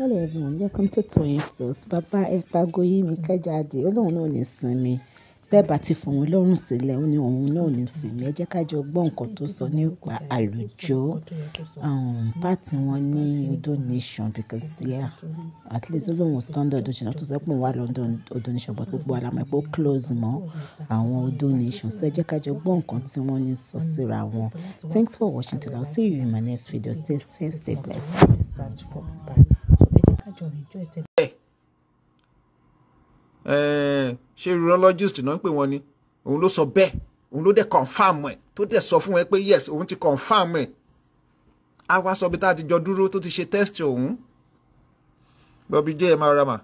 Hello everyone, welcome to Toyeen Talks. Bàbá Ẹ̀pàgọ́ Yemika Jade, ó lóun náà ò ní sinmi. Bẹ́ẹ̀ bá ti fòun lọ́rùn sílẹ̀, ó ní òun náà ò ní sinmi. Ẹ jẹ́ ká jọ gbọ́ nǹkan tó sọ nípa àlùjọ. Páàtì wọn ní Odo Nation because yeah, at least ó lóun sí London Odo Nation. Tó sọ pé òun wà London Odo Nation, but gbogbo ara mọ̀ pé ó close mọ́ àwọn Odo Nation. So ẹ jẹ́ ká jọ gbọ́ nǹkan tí wọ́n ní sọ síra wọn. Thanks for watching till I'll see you in my next video. Stay safe, stay blessed. Search for Bye ìjọ ìjọ ìtẹ̀lẹ́. Eh, ṣé urologist náà ń pè wọ́n ni òun ló sọ bẹ́ẹ̀ òun ló dẹ̀ confam ẹ̀ tó dẹ̀ sọ fún ẹ pé yes òun ti confam ẹ̀ á wá sọ bí tá a ti jọ dúró tó ti ṣe test òun bọ́bí jẹ́ ẹ̀ máa ra mà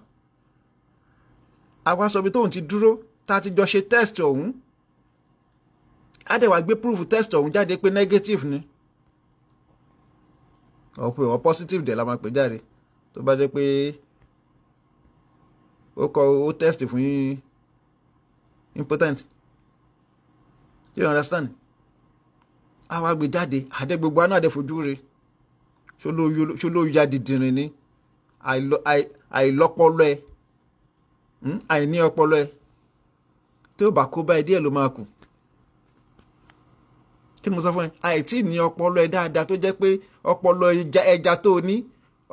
á wá sọ bí tóun ti dúró tá a ti jọ ṣe test òun á dẹ̀ wá gbé proof test òun jáde pé negative ni ọ̀pọ̀ positive dẹ̀ la máa pè jáde tó bá jẹ́ pé ó kọ ó test fún yín important you understand àwa gbé jáde àdé gbogbo àná àdé fojú re ṣó ló ya dìdìrín ni àìlọ́pọlọ ẹ hmm? àìní ọpọlọ ẹ tí ó bá kó báyìí díẹ̀ ló máa kù kí ni mo sọ fún ẹ àìtí ní ọpọlọ ẹ dáadáa tó jẹ́ pé ọpọlọ ẹja tó ní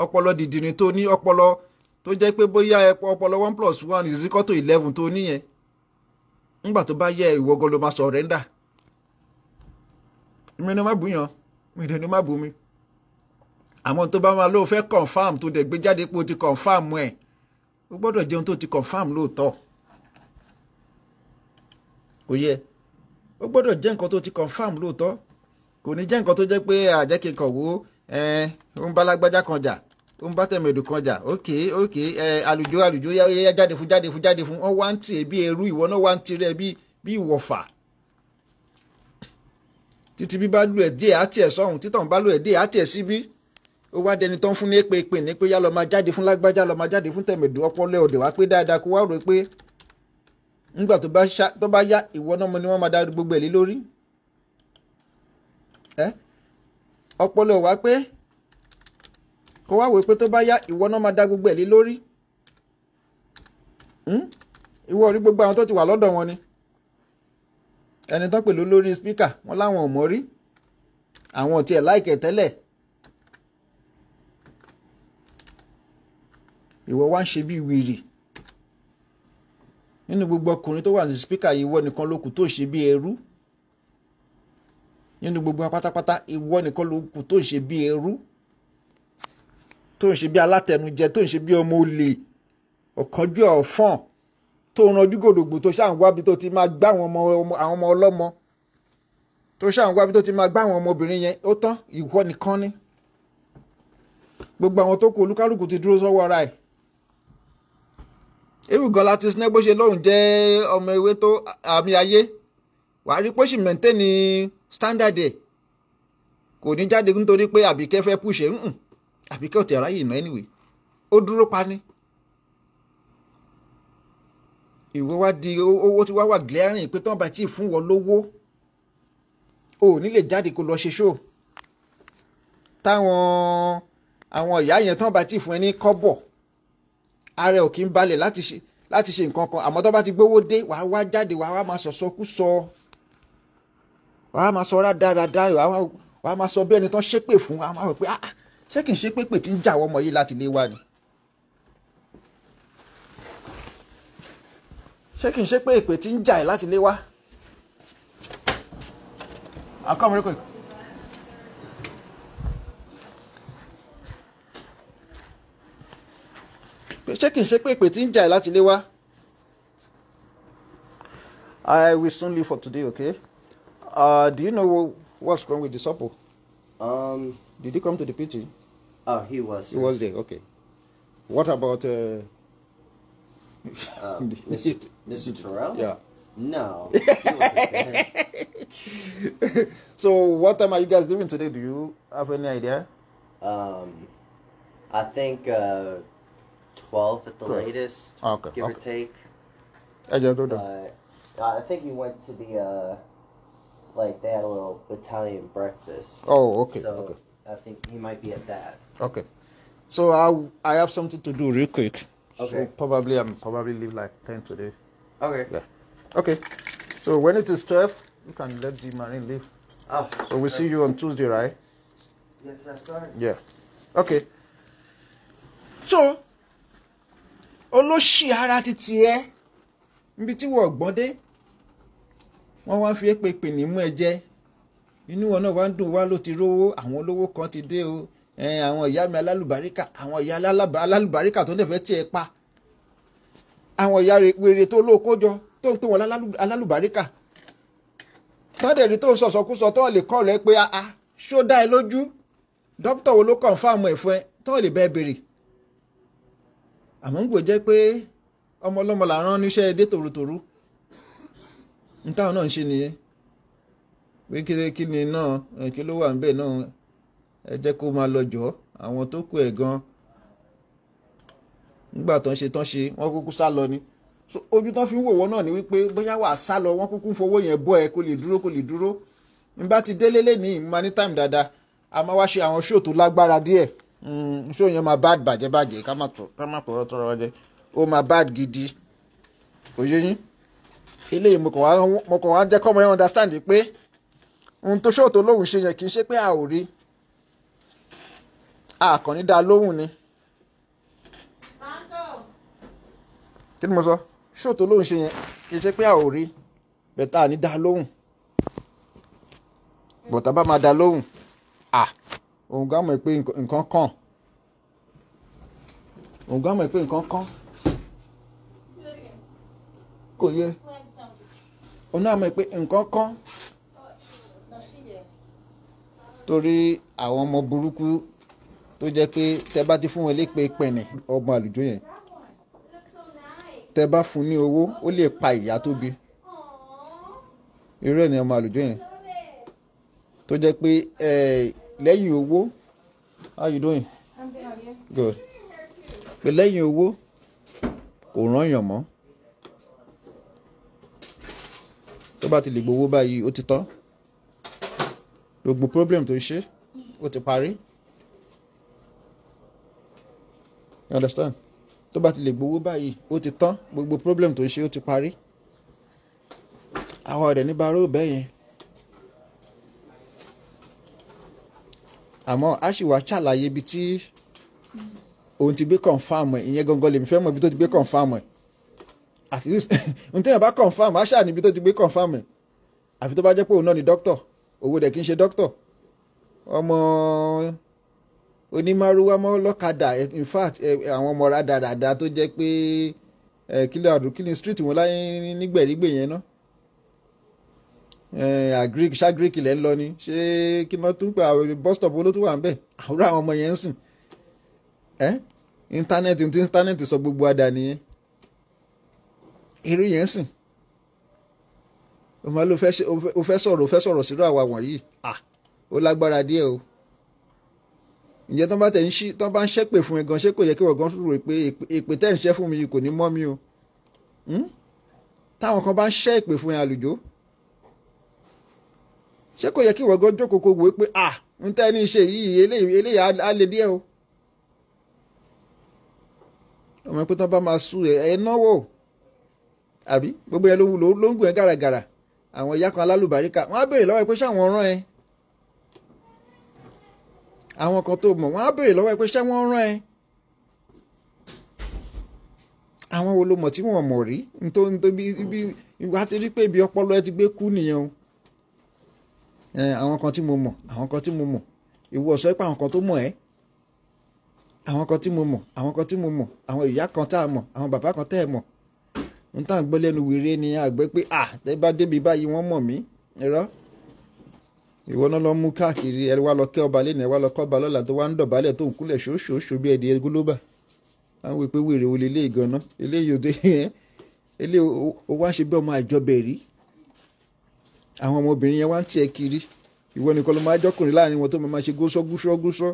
ọpọlọ dìndìnrín tó ní ọpọlọ tó jẹ́ pé bóyá ọpọlọ one plus one is eleven tó níyẹn ńgbà tó bá yẹ ìwọ́gọ́ ló máa sọ̀rẹ́ńdà mi ni má bù yàn mi ni má bù mi àmọ́ tó bá máa fẹ́ confam tó dẹ̀ gbé jáde pé o ti confam ẹ̀ o gbọ́dọ̀ jẹun tó ti confam lóòótọ́ kò gbọ́dọ̀ jẹ́ nǹkan tó ti confam lóòótọ́ ẹ ó ń bá lágbájá kan jà ó ń bá tẹ̀mẹ̀dù kan jà ok ok àlùjọ àlùjọ yá jáde fún jáde fún jáde fún wọn wá ń tì ẹ bí ẹrú ìwọ náà wá ń tì rẹ bí ìwọ̀fà títí bí bá lù ẹ díẹ̀ á tiẹ̀ sọ̀hún títàn bá lù ẹ díẹ̀ á tiẹ̀ síbí ó wá dẹni tán fún ní èpè ní pé yá lọ máa jáde fún lágbájá lọ máa jáde fún tẹ̀mẹ̀dù ọpọlọ òde wá pé dáadáa kó wá rò pé ńgbà tó bá yá ìwọ náà mo ni wọ́n máa dá gbogbo ẹ̀ lé lórí ọpọlọ wá pé kó wá wò pé tó bá yá ìwọ náà máa dá gbogbo ẹ̀ lé lórí hmm? ìwọ rí gbogbo àwọn tó ti wà lọ́dọ̀ wọn ni ẹni tán pẹ̀lú lórí spíkà wọn láwọn ò mọ̀ rí àwọn ò tiẹ̀ láìkẹ̀ tẹ́lẹ̀ ìwọ wá ń ṣe bí wìrì nínú gbogbo ọkùnrin tó wà ní spíkà yìí ìwọ nìkan ló tó ṣe bí ẹrú nínú gbogbo pátápátá ìwọ nìkan ló kù tó ń ṣe bí ẹrú tó ń ṣe bí alátẹnujẹ tó ń ṣe bí ọmọ olè ọ̀kánjú ọ̀fọ̀n tó ń ranjú gòdògbò tó ṣáà ń wábi tó ti máa gbá àwọn ọmọ ọlọ́mọ tó ṣáà ń wábi tó ti máa gbá àwọn ọmọbìnrin yẹn ó tán ìwọ nìkan ni gbogbo àwọn tó kù olúkálùkù ti dúró sọ́wọ́ ara ẹ̀ ewu gan láti sinẹ́ ṣe lóun jẹ́ ọmọ ewé tó àmì ayé wàá rí pé ó sì mẹ́ńtẹ́ẹ̀nì standard ẹ̀ kò ní jáde nítorí pé àbíkẹ́ fẹ́ pùṣẹ̀ ń hùn àbíkẹ́ ò tẹ̀ ráyè ìná anyway ó dúró pa ni. ìwọ wá di owó tí wá wà glaring pé tán bá tí ì fún wọn lówó o ò ní lè jáde kó lọ ṣe ṣó táwọn àwọn ìyá yẹn tán bá tí ì fún ẹ ní kọ́bọ̀ ara ò kí ń balẹ̀ láti ṣe láti ṣe nǹkan kan àmọ́ tó bá ti gbówó dé wàá wá jáde wàá wá máa sọ̀sọ́kú sọ. So, so, wàá máa sọ rádaràdá wàá máa sọ bẹ́ẹ̀ ni tán ṣépè fún wàá máa rò pé ah ṣé kìí ṣe pépè tí ń jà wọ́n ọmọ yìí láti lé wa ni. ṣé kìí ṣe pé èpè tí ń jà ẹ̀ láti lé wa. àkọ́mọ̀rẹ́kọ̀ ìkọ́. ṣé kìí ṣe pé tí ń jà ẹ̀ láti lé wa. I will soon leave for today, okay? Uh, do you know what's wrong with the supple? Um, did he come to the pity? Oh, he was. He was there. Okay. What about uh, uh Mr. Mr. Terrell? Yeah. No. so, what time are you guys leaving today? Do you have any idea? Um, I think uh, twelve at the latest, ah, okay. give okay. or take. I don't know. Uh, I think you went to the. Uh, like they had a little Italian breakfast. Oh, okay. So okay. I think he might be at that. Okay. So I I have something to do real quick. Okay. So probably I'm probably leave like ten today. Okay. Yeah. Okay. So when it is twelve, you can let the marine leave. Oh. So we we'll see you on Tuesday, right? Yes, sir. Yeah. Okay. So olóṣì ara had tiẹ̀ níbi here. wọ́n work, dé wọ́n wá fi èpè pè ní mú ẹ jẹ inú wọn náà wá ń dùn wá ló ti rówó àwọn olówó kan ti dé o àwọn ìyá mi alálùbáríkà àwọn ìyá alálùbáríkà tó lè fẹ́ tiẹ̀ pa àwọn ìyá wèrè tó lóko jọ tó ń pè wọ́n alálùbáríkà tọ́dẹ̀rí tó ń sọ̀sọ̀kúsọ tó lè kọ́ rẹ pé a ṣó dá ẹ lójú dókítà wo ló kàn fáàmù ẹ̀ fún ẹ tó lè bẹ́ẹ̀ béèrè àmọ́ ń gbò jẹ́ pé ọmọ ọlọ́mọ làrán níṣẹ́ dé tòrótòró nítawọn náà ń ṣe nìyẹn pé kíni kíni náà kí ló wà ń bẹ̀ náà ẹ jẹ́ kó máa lọ jọ́ àwọn tó kù ẹ̀ gan nígbà tán ṣe tán ṣe wọ́n kúkú sá lọ ni so ojú tán fi ń wò wọ́n náà ni wípé bóyá wàá sá lọ wọ́n kúkú ń fowó yẹn bọ́ ẹ kó lè dúró kó lè dúró n bá ti délé lé ní ìmọ̀ ní time dáadáa a máa wá ṣe àwọn ṣó tó lágbára díẹ̀ ṣó hmm, yẹn máa bad bàjẹ́ bàjẹ́ ká má tọ̀rọ̀ tọ̀rọ̀ wájẹ́ ó máa bad gidi òye yín eléyìí mo kàn wá jẹ́ kọ́mọ yẹn understand pé ohun tó ṣòótọ́ lóhùn ṣe yẹn kì í ṣe pé a ò rí àkànní dá lóhùn ni. kí ni mo sọ ṣòótọ́ lóhùn ṣe yẹn kì í ṣe pé a ò rí bẹ̀tà ní dá lóhùn bọ̀tà bá máa dá lóhùn à òun gá mọ̀ pé nǹkan kàn òun gá mọ̀ pé nǹkan kàn kò yẹ òun náà mọ̀ pé nǹkan kan torí àwọn ọmọ burúkú tó jẹ́ pé tẹ́ bá ti fún wọn lépe pẹ̀nẹ̀ ọmọ àlùjọ yẹn tẹ́ bá fún ní owó ó lè pa ìyá tó irú ẹ̀ ọmọ àlùjọ yẹn tó jẹ́ pé lẹ́yìn owó how you doing? good. good. pé lẹ́yìn owó kò rán yàn mọ́ tó bá ti lè gbowó báyìí ó ti tán gbogbo problem tó ń ṣe ó ti parí you understand tó bá ti lè gbowó báyìí ó ti tán gbogbo problem tó ń ṣe ó ti parí àwọn ọ̀rẹ́ ní baró bẹ́ẹ̀ yẹn àmọ́ a sì wá ṣàlàyé ibi tí òun ti gbé confam ẹ̀ ìyẹn gangan lèmi fẹ́ mọ̀ ibi tó ti gbé confam ẹ̀ at least n tẹ́yàn bá confam àṣà níbi tó ti gbé confam ẹ̀ àfi tó bá jẹ́ pé òun náà ni doctor owó dẹ̀ kì í ṣe doctor ọmọ onímọ̀rúwá mọ́ lọ́kadà in fact àwọn ọmọ rádaràda tó jẹ́ pé kílẹ̀ àdùn kílẹ̀ street wọn láyé nígbèrígbè yẹn ná agric ṣagric ilẹ̀ ń lọ ni ṣé kí wọ́n tún pé àwọn bus stop wo ló tún wà ń bẹ̀ àwòrán àwọn ọmọ yẹn ń sìn íńtánẹ́ẹ̀tì ti íńtánẹ́ẹ̀tì sọ gbogbo àdá nìyẹn eré yẹn sìn o máa lo o fẹ́ sọ̀rọ̀ o fẹ́ sọ̀rọ̀ sírò àwa wọ̀nyí ah ó lágbára díẹ̀ o ǹjẹ́ tán bá tẹ̀ ń ṣí tán bá ń ṣépè fún ẹ gan ṣé kò yẹ kí wọ́n gan rò pé èpè tẹ́ ń ṣẹ́ fún mi yìí kò ní mọ́ mi o hmm? táwọn kan bá ń ṣẹ́ èpè fún ẹ àlùjọ ṣé kò yẹ kí wọ́n gan jókòó wò pé ah ń tẹ́ ní ṣe yìí eléyìí á le díẹ̀ o ọmọ ẹ̀pẹ́ tán bá máa sú ẹ náwó àbí gbogbo yẹn ló wúlò ló ń gùn ẹ́ gàràgàrà àwọn ìyá kan alálùbáríkà wọ́n á béèrè lọ́wọ́ ẹ pé ṣáwọn rán ẹ àwọn kan tó mọ̀ wọ́n á béèrè lọ́wọ́ ẹ pé ṣáwọn rán ẹ àwọn wo ló mọ̀ tí wọ́n mọ̀ rí nítorí bí wá ti rí pé ibi ọpọlọ ẹ ti gbé kú nìyẹn o àwọn kan tí mo mọ̀ àwọn kan tí mo mọ̀ ìwọ sọ pé àwọn kan tó mọ̀ ẹ́ àwọn kan tí mo mọ̀ àwọn kan tí mo mọ̀ àwọn ìyá kan tá a mọ̀ àwọn bàbá kan tẹ́ ẹ mọ̀ n tá à gbọ́ lẹ́nu wèrè ni àgbẹ̀ pé à ah, tẹ́ bá débi báyìí wọ́n mọ̀ mí ẹ̀rọ ìwọ náà lọ mú káàkiri ẹ wá lọ kẹ́ ọba lẹ́nu ẹ wá lọ kọ́ ọba lọ́la tó wá ń dọ̀bálẹ̀ tó ń kúlẹ̀ ṣoṣooṣo bí ẹdìyẹ gúlóbà àwọn wípé wèrè wo lélẹ́ ìgànnà eléyìí òde yẹn eléyìí ó wá ṣe bí ọmọ àjọbẹ̀ rí àwọn ọmọbìnrin yẹn wá ń tiẹ̀ kiri ìwọ nìkan ló máa jọkùnrin láàrin wọn tó máa ṣe gúsọ gúsọ gúsọ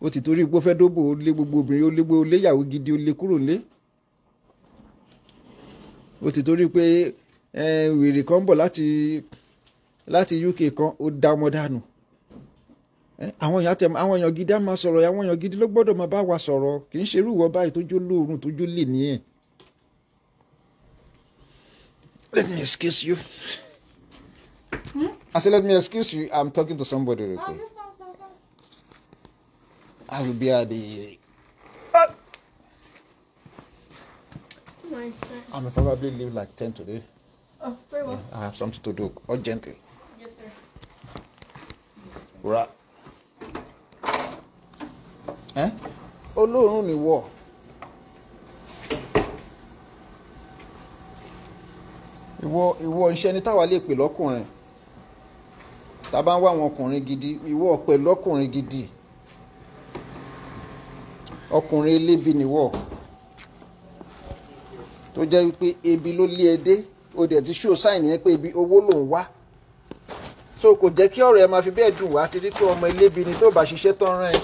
ó ti torí igbó fẹ́ dóbò lé gbogbo obìnrin ó lé gbogbo ó yàwó gidi ó lé kúrò lé ó ti torí pé wèrè kan bọ̀ láti láti UK kan ó dá ọmọ dànù àwọn èèyàn tẹ àwọn èèyàn gidi á máa sọ̀rọ̀ àwọn èèyàn gidi ló gbọ́dọ̀ máa bá wa sọ̀rọ̀ kì í ṣe irú ìwọ báyìí tójú lóòrùn tójú lè ní ẹ̀. Let me excuse you. Hmm? I said, let me excuse you. I'm talking to somebody real quick. I will be at the mind. I may probably leave like 10 today. Oh, very well. I have something to do urgently. Oh, yes, sir. Right. Eh? Oh Ọlọ́run ni wọ́. Ìwọ ìwọ iṣẹ́ ni táwa lè pè lọ́kùnrin. Tá a bá ń wá àwọn ọkùnrin gidi, ìwọ pẹ̀lú ọkùnrin gidi. Ọkùnrin elébi ni wọ́ tó jẹ́ wípé ebi ló lé ẹ e o dẹ̀ ti ṣó sáìnì yẹn pé ibi owó ló ń wá so kò jẹ́ kí ọ̀rọ̀ ẹ máa fi bẹ́ẹ̀ dùn wá ti rí pé ọmọ ilébi ni tó bá ṣiṣẹ́ tán rán ẹ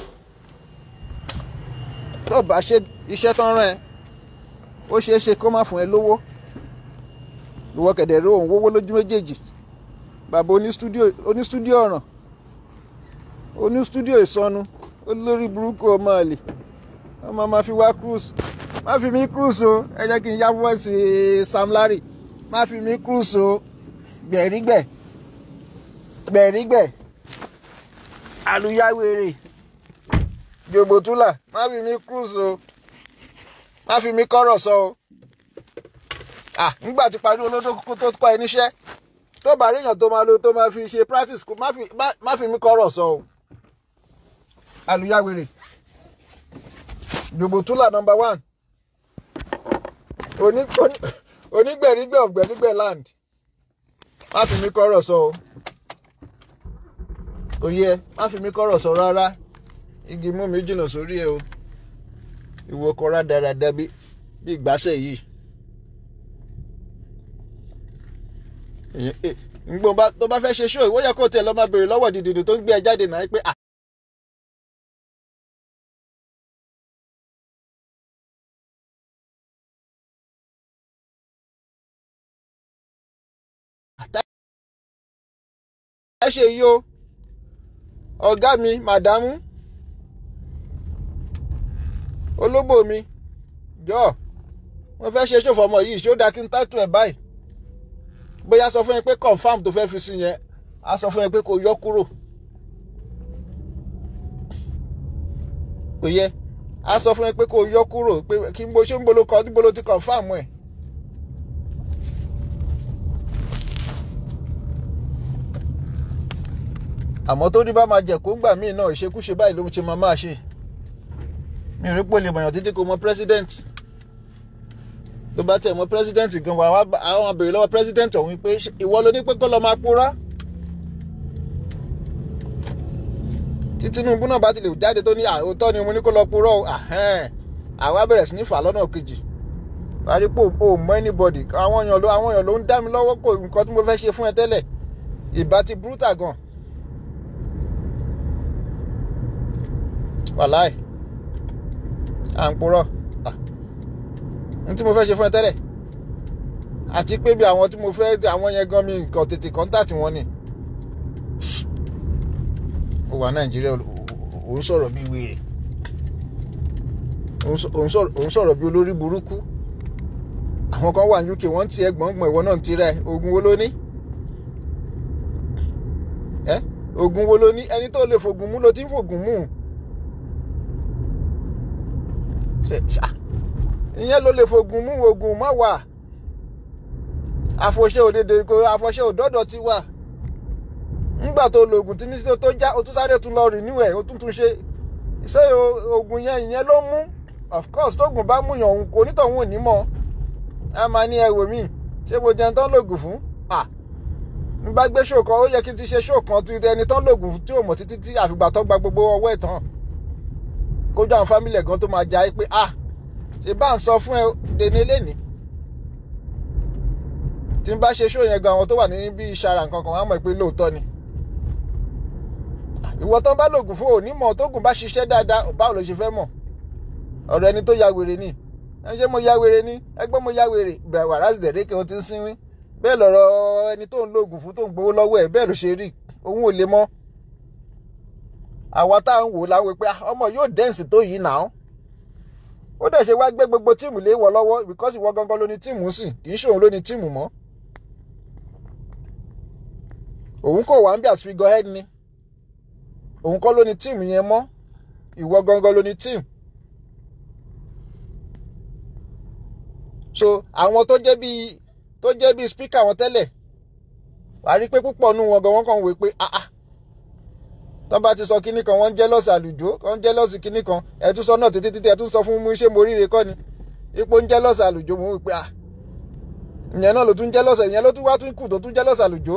tó bá ṣe iṣẹ́ tán rán ẹ ó ṣeé ṣe kó má fún ẹ lówó ìwọ kẹ̀dẹ̀ rí òun wówó lójú méjèèjì bàbá onístúdíò ọ̀ràn onístúdíò ìsọnù olórí burúkú ọmọ àlè ọmọ máa fi wá cruise má fi mí cruise o ẹ jẹ́ kí n yá voice Sam Larry má fi mí cruise o gbẹ̀rígbẹ̀ gbẹ̀rígbẹ̀ àlùyáwèrè jòbótúlà má fi mí cruise má fi mí kọ́rọ̀ sọ o ah nígbà tí parí olódó kókó tó kọ́ ẹ níṣẹ́ tó bá ríyàn tó máa lo tó máa fi ṣe practice má fi mí kọ́rọ̀ sọ o àlùyáwèrè jòbótúlà number one onígbẹ̀rígbẹ̀ of gbẹ̀rígbẹ̀ land má fi mí kọ́rọ̀ sọ o kò yẹ má fi mí kọ́rọ̀ sọ rárá igi mú mi jìnnà sórí ẹ o ìwọ kọra dáradá bí ìgbásẹ̀ yìí ngbọ̀nba tó bá fẹ́ ṣe ṣó ìwọ́yẹ kó tẹ̀ lọ́ọ́ máa béèrè lọ́wọ́ dìdìdì tó ń gbé ẹ jáde náà pé à ṣe yìí o ọ̀gá mi màdámù olóbò mi jọ wọ́n fẹ́ ṣe ṣòfò ọmọ yìí ṣé ó dáa kí n tátù ẹ̀ báyìí bóyá sọ fún yín pé confam tó fẹ́ fi sí yẹn á sọ fún yín pé kò yọ kúrò kò yẹ á sọ fún yín pé kò yọ kúrò pé kí n bo ṣé ń bolo kan níbo ló ti confam ẹ̀ àmọ́ tó rí bá máa jẹ kó gbà míì náà ìṣekúṣe báyìí ló ń ṣe máa máa ṣe mi ò rí pò lè mọ̀yàn títí kò mọ president tó bá tẹ̀ mọ president gan wa àwọn abèrè lọ́wọ́ president ọ̀hún pé ìwọ ló ní pé kó lọ máa purọ́ tí Tinubu náà bá ti lè jáde tó ní àòótọ́ ni mo ní kó lọ purọ́ àwa bẹ̀rẹ̀ sí ní fà lọ́nà kejì àrípò ò mọ anybody àwọn èèyàn ló ń dá mi lọ́wọ́ kò nǹkan tí mo fẹ́ ṣe fún ẹ tẹ́lẹ̀ ìbá ti brutal gan-an. wàláì à ń purọ́ n tí mo fẹ́ ṣe fún ẹ tẹ́lẹ̀ àti pé bí àwọn tí mo fẹ́ àwọn yẹn gan mi nǹkan tètè kọ́ńtàtì wọn ni ó wà nàìjíríà ò ń sọ̀rọ̀ bí wèrè ò ń sọ̀rọ̀ bí olórí burúkú àwọn kan wà ní UK wọ́n ń tiẹ̀ gbọ̀ngbọ̀n ìwọ náà ń tirẹ̀ ogun wo ló ní ogun wo ló ní ẹni tó lè fògùn mú ló ti ń fògùn mú un. ìyẹn ló lè fogun mú ogun má wà àfọ̀ṣẹ́ òdèdè kò àfọ̀ṣẹ́ òdọ́dọ̀ ti wà ńgbà tó lo oògùn tí ní tó já o tún sáré tún lọ rìn níwẹ̀ o tún tún ṣe ṣé oògùn yẹn ìyẹn ló mú of course tóògùn bá mú yàn onítọ̀hún ò ní mọ̀ a máa ní ẹwò míì ṣé mo jẹun tán lògùn fún à n gbé ṣòkan ó yẹ kí n ti ṣe ṣòkan tí ẹni tán lògùn tí ò mọ̀ títí tí àfìgbà tó gba gbogbo ọwọ́ ẹ̀ tán kójú àwọn fámìlì ẹ̀gán tó máa jayé pé ah ṣe bá ń sọ fún ẹ dèní lẹ́ni tí n bá ṣe ṣó yẹn àwọn tó wà ní ìṣara nǹkan wọn á mọ̀ pé lóòótọ́ ni ìwọ tán bá lògùn fún onímọ̀ tó gùn bá ṣiṣẹ́ dáadáa báwo ló ṣe fẹ́ mọ̀ ọ̀rọ̀ ẹni tó ya wèrè ni ẹ ṣe mo ya wèrè ni ẹgbẹ́ mo ya wèrè bẹ̀rẹ̀ wàrà ìdẹ̀rẹ́kẹ́ o ti ń sinwin bẹ́ẹ̀ lọ̀rọ̀ ẹni tó ń lògùn fún tó ń gbowó lọ́wọ́ ẹ̀ bẹ́ẹ̀ ló ṣe rí òun ò lè mọ̀ àwa tá à ń wò láwọn pé ah, ọmọ yóò dẹ́ǹsì tó yìí náà ó dẹ̀ ṣe wá gbé gbogbo tíìmù léwọ lọ́wọ́ because ìwọ gangan ló ní tíìmù sì kì í ṣe òun ló ní tíìmù mọ́ òun kò wá ń bí as figurehead ni òun kọ́ ló ní tíìmù yẹn mọ́ ìwọ gangan ló ní tíìmù so àwọn tó jẹ́ bíi tó jẹ́ bíi speaker wọn tẹ́lẹ̀ wàá rí pé púpọ̀ nù wọn gan wọn kàn wé pé ah ah tán bá ti sọ kinní kan wọ́n ń jealous àlùjó wọ́n ń jealous kinní kan ẹ tún sọ náà títí títí ẹ tún sọ fún mi ṣé mo ríre ni ipò ń jealous àlùjó mo ń wí à ah, ìyẹn náà ló tún jealous ìyẹn ló tún wá tún kù tó tún jealous àlùjó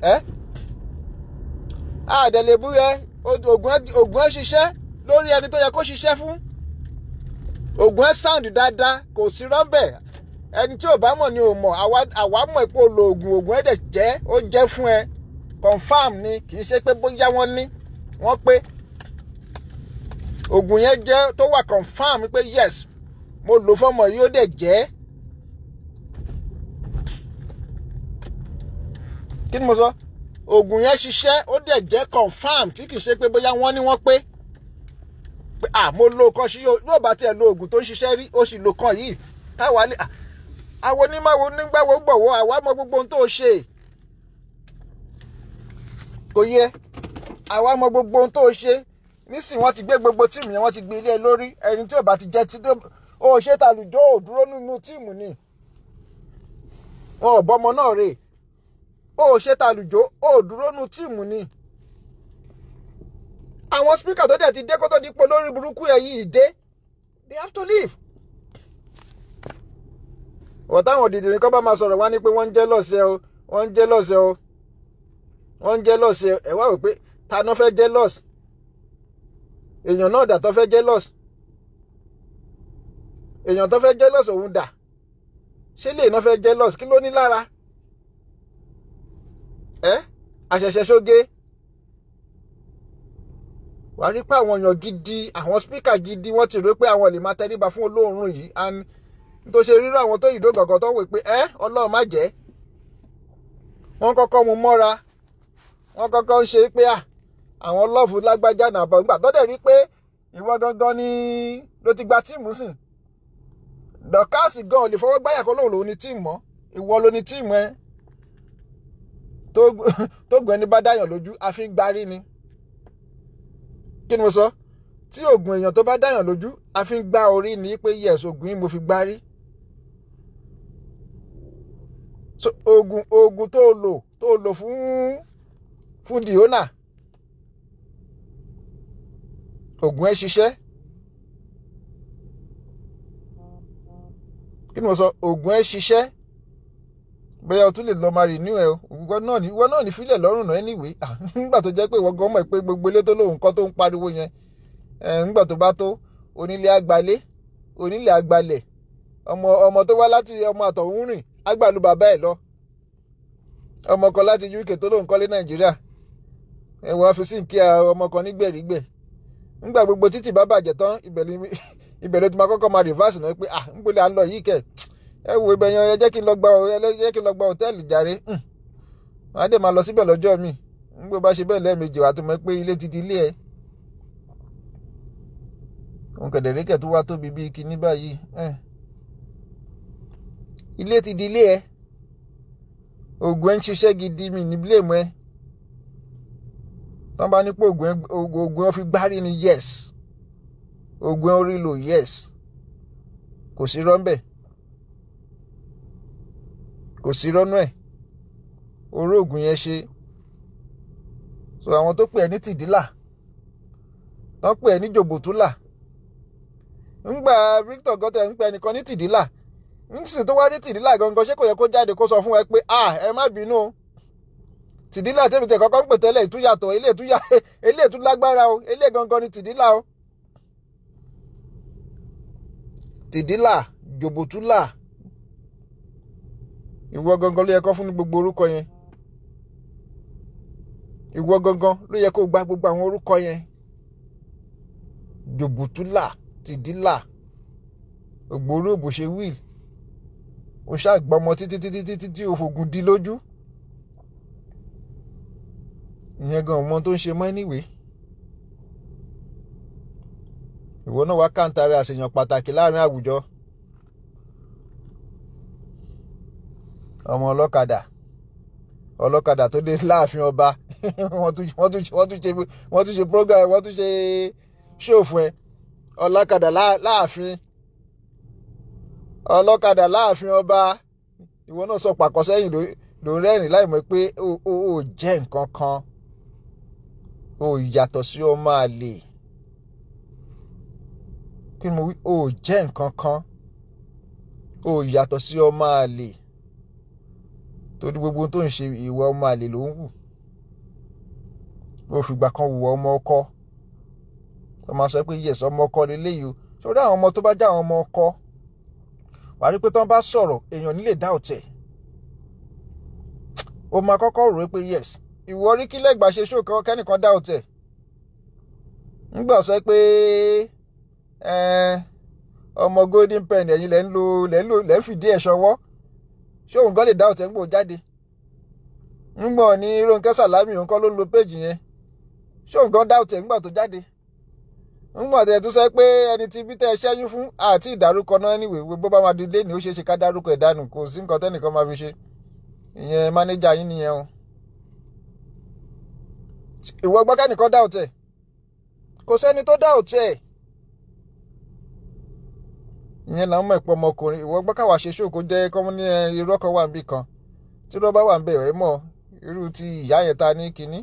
ẹ àdẹ̀lẹ̀bú yẹ ògùn ẹ ṣiṣẹ́ lórí ẹni tó yẹ kó ṣiṣẹ́ fún ògùn ẹ sound dáadáa kò sí rọ́bẹ̀ ẹni tí ò bá mọ̀ ni ò mọ̀ àwa mọ̀ pé o lo ògùn ògùn ẹ dẹ̀ jẹ́ ó jẹ́ fún ẹ confam ni kì í ṣe pé bóyá wọ́n ní wọ́n pé oògùn yẹn jẹ́ tó wà confam pé yes mo lò fọ́mọ yìí ó dẹ̀ jẹ́. kí ni mo sọ oògùn yẹn ṣiṣẹ́ ó dẹ̀ jẹ́ confam tí kì í ṣe pé bóyá wọ́n ní wọ́n pé pé à mo lo kan ṣí yóò bá tiẹ̀ lo oògùn tó ń ṣiṣẹ́ rí ó sì lo kan yìí táwa ní àwọn onímọ̀ onígbàwọ̀ gbọ̀wọ́ àwa mọ gbogbo ohun tó ṣe kò yẹ àwa mọ gbogbo ohun tó o ṣe nísìnyí wọ́n ti gbé gbogbo tíìmù yẹn wọ́n ti gbé ilé ẹ lórí ẹni tí ò bá ti jẹ́ tí ó ṣe tàlùjọ ò dúró nínú tíìmù ni wọn ò bọ́mọ náà rè ó ṣe tàlùjọ ó dúró nínú tíìmù ni àwọn spíkà tó dẹ̀ ti dé kó tó di pé lórí burúkú ẹ̀ yìí dé they have to leave. wọ́n táwọn òdìdì ní kọ́ bá máa sọ̀rọ̀ wá ní pé wọ́n ń jẹ́ lọ́sẹ̀ o wọ́n ń jẹ́ lọ́sẹ̀ o wọ́n ń jealous ẹ wá wò pé ta náà fẹ́ jealous èèyàn náà dà tó fẹ́ jealous èèyàn tó fẹ́ jealous òun dà ṣé lè náà fẹ́ jealous kí ló ní lára ẹ àṣẹ̀ṣẹ̀ ṣoge wàá rí pé àwọn èèyàn gidi àwọn spíkà gidi wọ́n ti rò pé àwọn lè máa tẹríba fún olóòórùn yìí and tó ṣe rírọ àwọn tó yìí dógọ̀gọ̀ tó wò pé ẹ ọlọ́run má jẹ́ wọ́n kọ́kọ́ mu mọ́ra wọ́n kọ́kọ́ ń ṣe pé ah, àwọn lọ́ọ̀fù lágbájá náà bọ̀ nígbà tó dẹ̀ rí pé ìwọ gangan ni ló ti gba tíìmù sìn dọ̀kásì gan ò lè fọwọ́ gbáyà kó lóun lòun ní tíìmù mọ́ ìwọ ló ní tíìmù ẹ tó gbẹni bá dáyàn lójú a fi ń gbarí ni kí ni mo sọ tí oògùn èèyàn tó bá dáyàn lójú a fi ń gbá orí ni pé yes oògùn yìí mo fi gbarí so oògùn oògùn tó lò tó lò fún fún Diona oògùn ẹ ṣiṣẹ kí ni mo sọ oògùn ẹ ṣiṣẹ bẹyà o tún lè lọ máa renew ẹ o ìwọ náà ní ìwọ náà ní fílẹ̀ lọ́rùn náà anyway ah, nígbà tó jẹ́ pé ìwọ gan mọ̀ pé gbogbo ilé tó lóun kọ́ tó ń pariwo yẹn nígbà tó bá tó onílé àgbálé onílé àgbálẹ̀ ọmọ ọmọ tó wá láti ọmọ àtọwúrìn rìn bàbá ẹ lọ ọmọ kan láti UK tó lóun kọ́lé Nàìjíríà ẹ̀wọ̀n afisin kí a ọmọ kan nígbẹ̀rígbẹ̀ nígbà gbogbo títì bá bàjẹ́ tán ibẹ̀ ló ti máa kọ́kọ́ máa rìvásì náà pé ah níbo la ń lọ yìí kẹ̀ ẹ wo ibẹ̀ yẹn ẹ jẹ́ kí n lọ gba jẹ́ kí n lọ gba hòtẹ́ẹ̀lì jàre hmm. màá dé máa lọ síbẹ̀ lọ́jọ́ mi nígbà bá ṣe bẹ́ẹ̀ lẹ́ẹ̀mejì wà tó mọ̀ pé ilé ti di ilé ẹ̀ òun kẹ̀dẹ̀ríkẹ̀ tó wá tóbi bíi kinní báyìí ilé ti di ilé ẹ̀ ògùn ẹ̀ ń ṣiṣẹ́ gidi mi ní bílẹ̀mù ẹ̀ tán bá ní pé oògùn wọn fi gbárí ni yes oògùn orí lò yes kò sí rọ́ńbẹ̀ kò sí rọ́nú ẹ̀ oró oògùn yẹn ṣe so àwọn tó pè ẹ́ ní tìdílà tán pè ẹ́ ní jòbòtúlà ńgbà Victor gọ́tẹ̀ ń pè ẹnìkan ní tìdílà ń sì tó wá ní tìdílà gangan ṣé kò yẹ kó jáde kó sọ fún ẹ pé ah ẹ má bínú o tìdílà tèmi tẹ̀ kọ́kọ́ ń pè tẹ́lẹ̀ ìtúyàtọ̀ ilé ìtúyà ilé ìtúlágbára o ilé gangan ni tìdílà o. tìdílà jòbótúlà ìwọ gangan ló yẹ kó fún ní gbogbo orúkọ yẹn ìwọ gangan ló yẹ kó gba gbogbo àwọn orúkọ yẹn jòbótúlà tìdílà ògbóró òbòṣe wíìl ó ṣàgbọmọ títí títí títí tí òfògùn di lójú ìyẹn gan ọmọ tó ń ṣe mọ́ níwèé ìwọ náà wá kàǹtàrí àṣeyàn pàtàkì láàrin àwùjọ ọmọ ọlọ́kadà ọlọ́kadà tó dé láàfin ọba wọ́n tún ṣe wọ́n tún ṣe program wọ́n tún ṣe ṣòfò ẹ̀ ọlọ́kadà láàfin ọlọ́kadà láàfin ọba ìwọ náà sọ pàkọ́ sẹ́yìn ló ń rẹ́rìn láì mọ̀ pé ó jẹ́ nǹkan kan o yàtọ̀ sí ọmọ àlè kí ni mo wí o jẹ́ nǹkan kan o yàtọ̀ sí ọmọ àlè torí gbogbo tó ń ṣe ìwà ọmọ àlè ló ń wù o fìgbà kan wù ọmọ ọkọ o máa sọ pé yẹsọ ọmọ ọkọ lélẹyìí o sórí àwọn ọmọ tó bá já àwọn ọmọ ọkọ wàá rí pé tí wọn bá sọ̀rọ̀ èèyàn nílè dá ọ̀tẹ̀ o máa kọ́kọ́ rò ó pé yes ìwọ rí kí ṣe ṣó kan kẹ́nìkan dá òtẹ̀ ńgbà sọ pé ọmọ golden pen ẹ̀yin lẹ́ ń lo lẹ́ ń lo lẹ́ ń fìdí ẹ̀ ṣọwọ́ ṣé òun lè dá òtẹ̀ jáde yẹn ṣé òun dá òtẹ̀ ńgbà tó sọ pé ẹni tí fún àti ìdárúkọ náà bó bá máa ó ṣeé ṣe ká dárúkọ fi ṣe ìyẹn yín nìyẹn ìwọ gbọ́ kẹ́nìkan dá òtẹ̀ kò sẹ́ni tó dá òtẹ̀ ìyẹn làwọn mọ̀ ẹ̀pọ̀ ọmọkùnrin ìwọ gbọ́ káwa ṣe ṣòkò jẹ́ kọ́mú ní irọ́ kan wà níbì kan tí irọ́ bá wà níbẹ̀ ẹ̀ mọ̀ irú ti ìyá yẹn ta ní kínní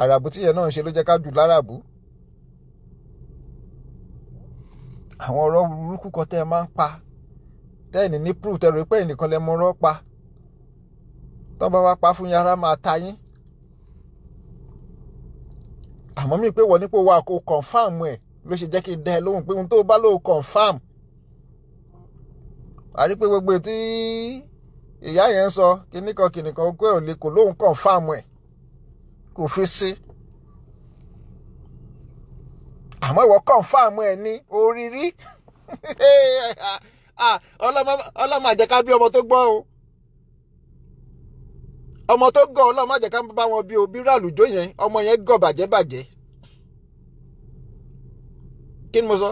àràbù tíyẹn náà ń ṣe ló jẹ́ ká jù láràbù. àwọn ọ̀rọ̀ burúkú kan tẹ́ ẹ máa ń pa tẹ́ẹ̀nì ní proof tẹ́ẹ̀rọ pé ẹnìkan lẹ mọ ọ̀rọ̀ pa tọ́ bá wá pa fún yàrá máa ta yín àmọ́ mi pé wọ́n nípò wa kò confam ẹ̀ ló ṣe jẹ́ kí n dá ẹ lóhùn pé ohun tó bá lóhùn confam a rí pé gbogbo tí ìyá yẹn ń sọ kíníkan kíníkan pé ò lè kò lóhùn confam ẹ̀ kò fi sí àmọ́ ìwọ confam ẹ̀ ní oríire ah, ah, ọlọ́mọ àjẹká bí ọmọ tó gbọ́ o ọmọ tó gọ̀ ọlọ́run má jẹ́ ká bá wọn bí òbí ràlùjọ yẹn ọmọ yẹn gọ̀ bàjẹ́ bàjẹ́ kí ni mo sọ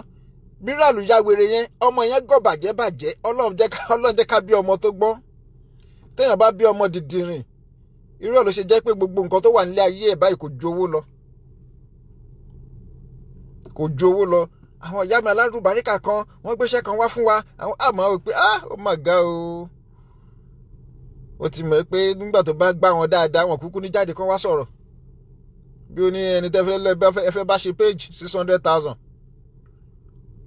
bí ràlùjá wèrè yẹn ọmọ yẹn gọ̀ bàjẹ́ bàjẹ́ ọlọ́run jẹ́ ká ọlọ́run jẹ́ ká bí ọmọ tó gbọ́n téèyàn bá bí ọmọ dìdìrìn irú ẹ̀ ló ṣe jẹ́ pé gbogbo nǹkan tó wà nílé ayé ẹ̀ báyìí kò ju owó lọ kò ju owó lọ àwọn ìyá mi alárùbáríkà kan wọ́n gbéṣẹ́ kan wá fún wa àwọn àmọ́ wípé ah ó mà ga o. Oh ó ti mọ̀ pé nígbà tó bá gbá wọn dáadáa wọn kúkú ní jáde kán wá sọ̀rọ̀ bí o ní ẹni tẹ́ fẹ́ bá ṣe page six hundred thousand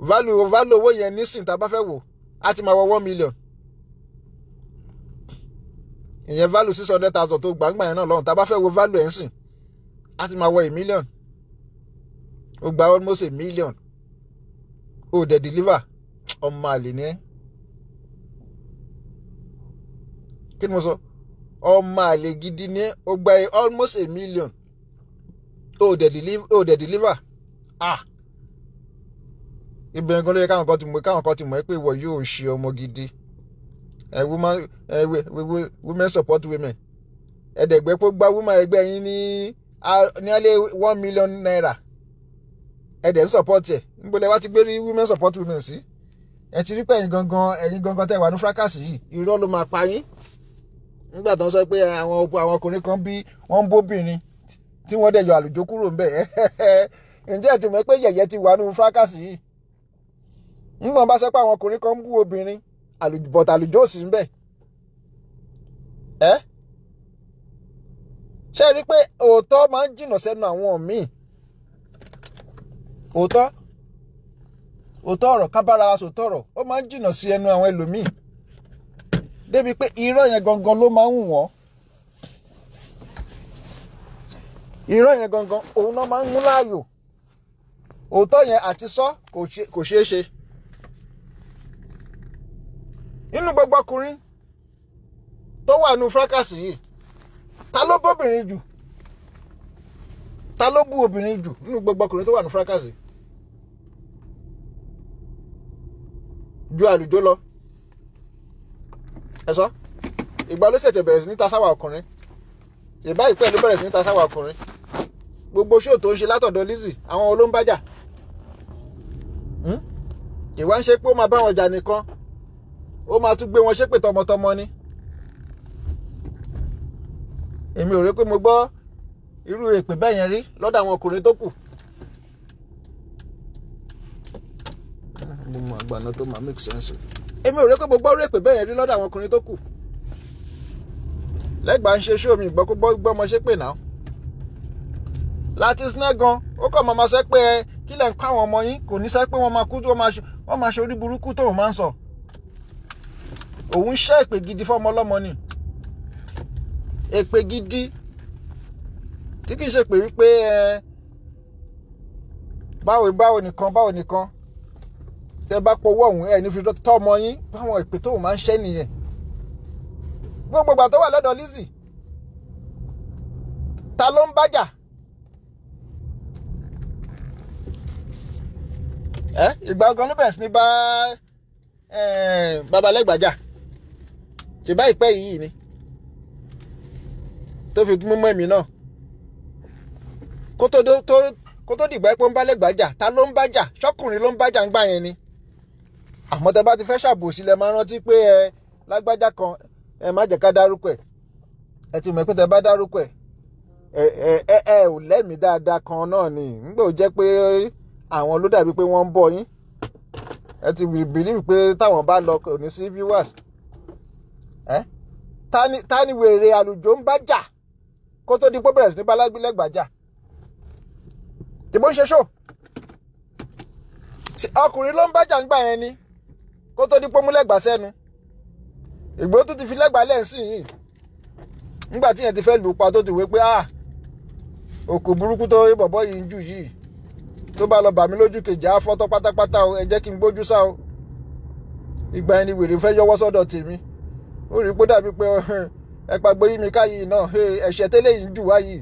value value owó yẹn nísìn tá a bá fẹ́ wò á ti máa wọ one million ìyẹn value six hundred thousand tó gbàgbà yẹn náà lọ́hùn tá a bá fẹ́ wo value ẹ̀ ń sìn á ti máa wọ a million ó gba almost a million ó dẹ̀ deliver ọmọ àlè ni ẹ́ kí ni mo sọ ọmọ àlè gidi ní ó gba almost a million ó dẹ̀ deliver ah ibẹ̀ gan ló yẹ káwọn kan ti mọ̀ káwọn kan ti mọ̀ pé ìwọ yóò ṣe ọmọ gidi women support women ẹ̀ẹ́dẹ̀gbẹ́ pé gba woman ẹgbẹ́ yín ní nílé one million naira ẹ̀ẹ́dẹ̀ ń support ẹ̀ níbo wá ti gbé rí women support women sí ẹ ti rí pé gangan ẹ̀yin gangan tẹ́ wà ní fracas yìí irọ́ ló máa pa yín. nígbà tó sọ pé àwọn ọkùnrin kan bí wọ́n ń bóbìnrin tí wọ́n dẹ̀ yọ àlùjọ kúrò ń bẹ̀ ǹjẹ́ ti mọ̀ pé yẹ̀yẹ́ ti wà nínú fúrákàsì yìí nígbà bá sọ pé àwọn ọkùnrin kan ń bú obìnrin bọ̀tà àlùjọ òsì ń bẹ̀ ẹ́ ṣe rí i pé òótọ́ máa ń jìnnà sẹ́nu àwọn míì òótọ́ òótọ́ ọ̀rọ̀ débi pé irọ́ yẹn gangan ló máa ń wù wọ́n irọ́ yẹn gangan òun náà máa ń mú láàyò òótọ́ yẹn àti sọ kò ṣeé ṣe nínú gbogbo ọkùnrin tó wà nù fúrákàsì yìí ta ló bóbìnrin jù ta ló bú obìnrin jù nínú gbogbo ọkùnrin tó wà nù fúrákàsì ju àlùjọ lọ ẹ sọ ìgbà ló ṣẹ̀ṣẹ̀ bẹ̀rẹ̀ sí ní ta sáwà ọkùnrin ìbá ìpẹ́ ló bẹ̀rẹ̀ sí ní ta sáwà ọkùnrin gbogbo ṣóò tó ń ṣe látọ̀dọ̀ Lizzy àwọn olóńbàjà hmm? ìwà ń ṣe pé ó máa bá wọn jà nìkan ó máa tún gbé wọn ṣépè tọmọtọmọ ni èmi ò rí pé mo gbọ́ irú èpè bẹ́ẹ̀ yẹn rí lọ́dọ̀ àwọn ọkùnrin tó kù. mo mọ àgbàna tó máa make sense èmi ò rí pé mo gbọ́ rèpè bẹ́ẹ̀ rí lọ́dọ̀ àwọn ọkùnrin tó kù lẹ́gbàá ń ṣe ṣé omi ìgbọ́kú gbọ́ ọmọ ṣépè náà láti sinẹ́ gan ó kọ́ máa sọ pé kí lẹ̀ ń kọ́ àwọn ọmọ yín kò ní sẹ́ pé wọ́n máa kú tó wọ́n máa ṣe orí burúkú tóun máa ń sọ òun ń ṣẹ́ èpè gidi fọ́mọ ọlọ́mọ ni èpè gidi tí kì í ṣe pé wípé báwo báwo nìkan báwo nìkan tẹ bá pọwọ́ ọ̀hún ẹ̀ ní fi tọ́ ọmọ yín báwọn ìpè tóun máa ń ṣẹ́ nìyẹn gbogbo ìgbà tó wà lọ́dọ̀ Lizzy ta ló ń bájà ẹ ìgbà ọgọ́ ló bẹ̀rẹ̀ sí ní bá babalẹ́gbàjà ṣe bá ìpẹ́ yìí ni tó fi mímọ́ èmi náà kó tó dìgbà pé ó ń bá lẹ́gbàjà ta ló ń bájà ṣọ́kùnrin ló ń bájà ń gbà yẹn ni àmọ́ tẹ́ bá ti fẹ́ ṣàbòsí lẹ máa rántí pé ẹ lágbájá kan ẹ má jẹ́ ká dárúkọ ẹ̀ ẹ ti mọ̀ pé tẹ́ bá dárúkọ ẹ̀ ẹ ẹ ẹ ò lẹ́mìí dáadáa kan náà ni nígbà ó jẹ́ pé àwọn ló dàbí pé wọ́n ń bọ̀ yín ẹ ti bìlíìfù pé táwọn bá lọ kò ní sí viewers ẹ ta ni wèrè àlùjọ ń bá jà kó tó di pé bẹ̀rẹ̀ sí ní balágbélẹ́gbàjà tí ń ṣe ṣó ọkùnrin ló ń bá jà ń gbà yẹn ni kó tó di pọ́nmú lẹ́gbàá sẹ́nu Ìgbòho tó ti fi lẹ́gbàá lẹ́sìn yìí nígbà tí yẹn ti fẹ́ lù pa tó ti wé pé ah òkú burúkú tó bọ̀bọ̀ yìí ń jù yìí tó bá lọ bà mí lójú kejì á fọ́tọ́ pátápátá o ẹ jẹ́ kí n gbójú sá o ìgbà ẹni wèrè fẹ́ yọwọ́ sọ́dọ̀ tèmi ó rí i pé dàbí pé ẹ pàgbó yí mi káyìí náà ẹ̀ṣẹ̀ tẹ́lẹ̀ yìí ń jù wá yìí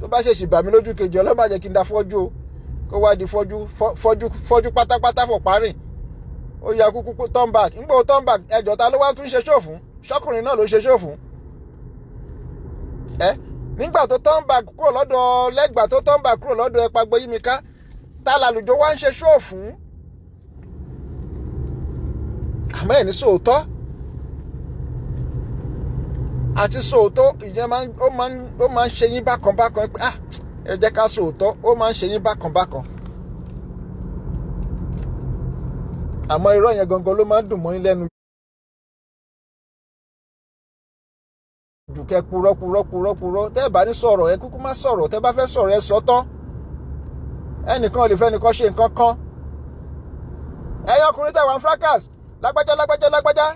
tó bá ṣèṣì bà mí lójú kejì ọlọ́mọ àjẹkí ń da fọ́jú o kó wá di fọ́jú pátápátá fọ̀ parin ó yẹ kúkú pé turnback ń gbọ́ turnback ẹjọ́ ta ló wá tún ṣe ṣòfún ṣọkùnrin náà ló ṣe ṣòfún ẹ nígbà tó turnback kúrò lọ́dọ̀ lẹ́gbà tó back kúrò lọ́dọ̀ ẹ̀pà gboyimika ta làlùjọ wá ń ṣe ṣòfún àmọ́ ẹ̀ ní sòótọ́ àti sòótọ́ ìyẹn ó máa ń ṣe yín bákan bákan pé ah ẹ jẹ́ ká sòótọ́ ó máa ń ṣe yín àmọ irọ́ yẹn gangan ló máa ń dùn mọ́ yín lẹ́nu jù kẹ́ purọ́ purọ́ purọ́ purọ́ tẹ́ ẹ bá ní sọ̀rọ̀ ẹ kúkú má sọ̀rọ̀ tẹ́ bá fẹ́ sọ̀rọ̀ ẹ sọ tán ẹnìkan ò lè fẹ́ ẹnìkan ṣe nǹkan kan ẹ̀yin ọkùnrin fracas lágbájá lágbájá lágbájá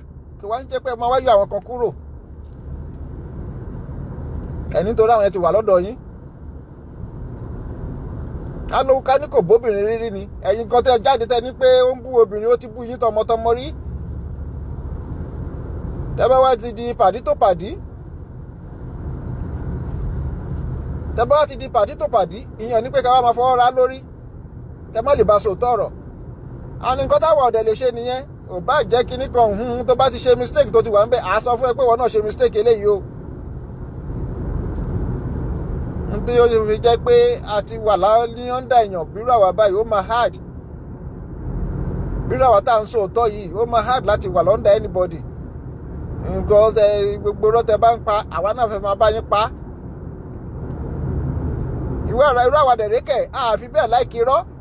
kí alo ká ní kò bóbìnrin rírí ni ẹ̀yin kan tẹ́ jáde tẹ́ ní pé ó ń bú obìnrin ó ti bú yín tọmọtọmọ rí tẹ́bá wá ti di pàdí tó pàdí tẹ́bá wá ti di pàdí tó pàdí ìyẹn ní pé ká wá máa fọwọ́ ra lórí tẹ́ má lè bá sòótọ́ ọ̀rọ̀ àwọn nǹkan táwọn ọ̀dẹ̀ lè ṣe nìyẹn ò bá jẹ́ kínní kan tó bá ti ṣe mistake tó ti wà ń bẹ̀ àá sọ fún ẹ pé wọn náà ṣe mistake eléyìí o nítorí ó ṣe jẹ́ pé a ti wà ní ọ̀ndà èèyàn bírò àwa báyìí ó máa hard bírò àwa tá à ń sòótọ́ yìí ó máa hard láti wà lọ́ndà anybody nǹkan eh, gbogbo rọ́tẹ̀ bá ń pa àwa náà fẹ́ máa bá yín pa irú àwa dẹ̀rẹ́kẹ̀ àfi bẹ́ẹ̀ láìkí rọ́.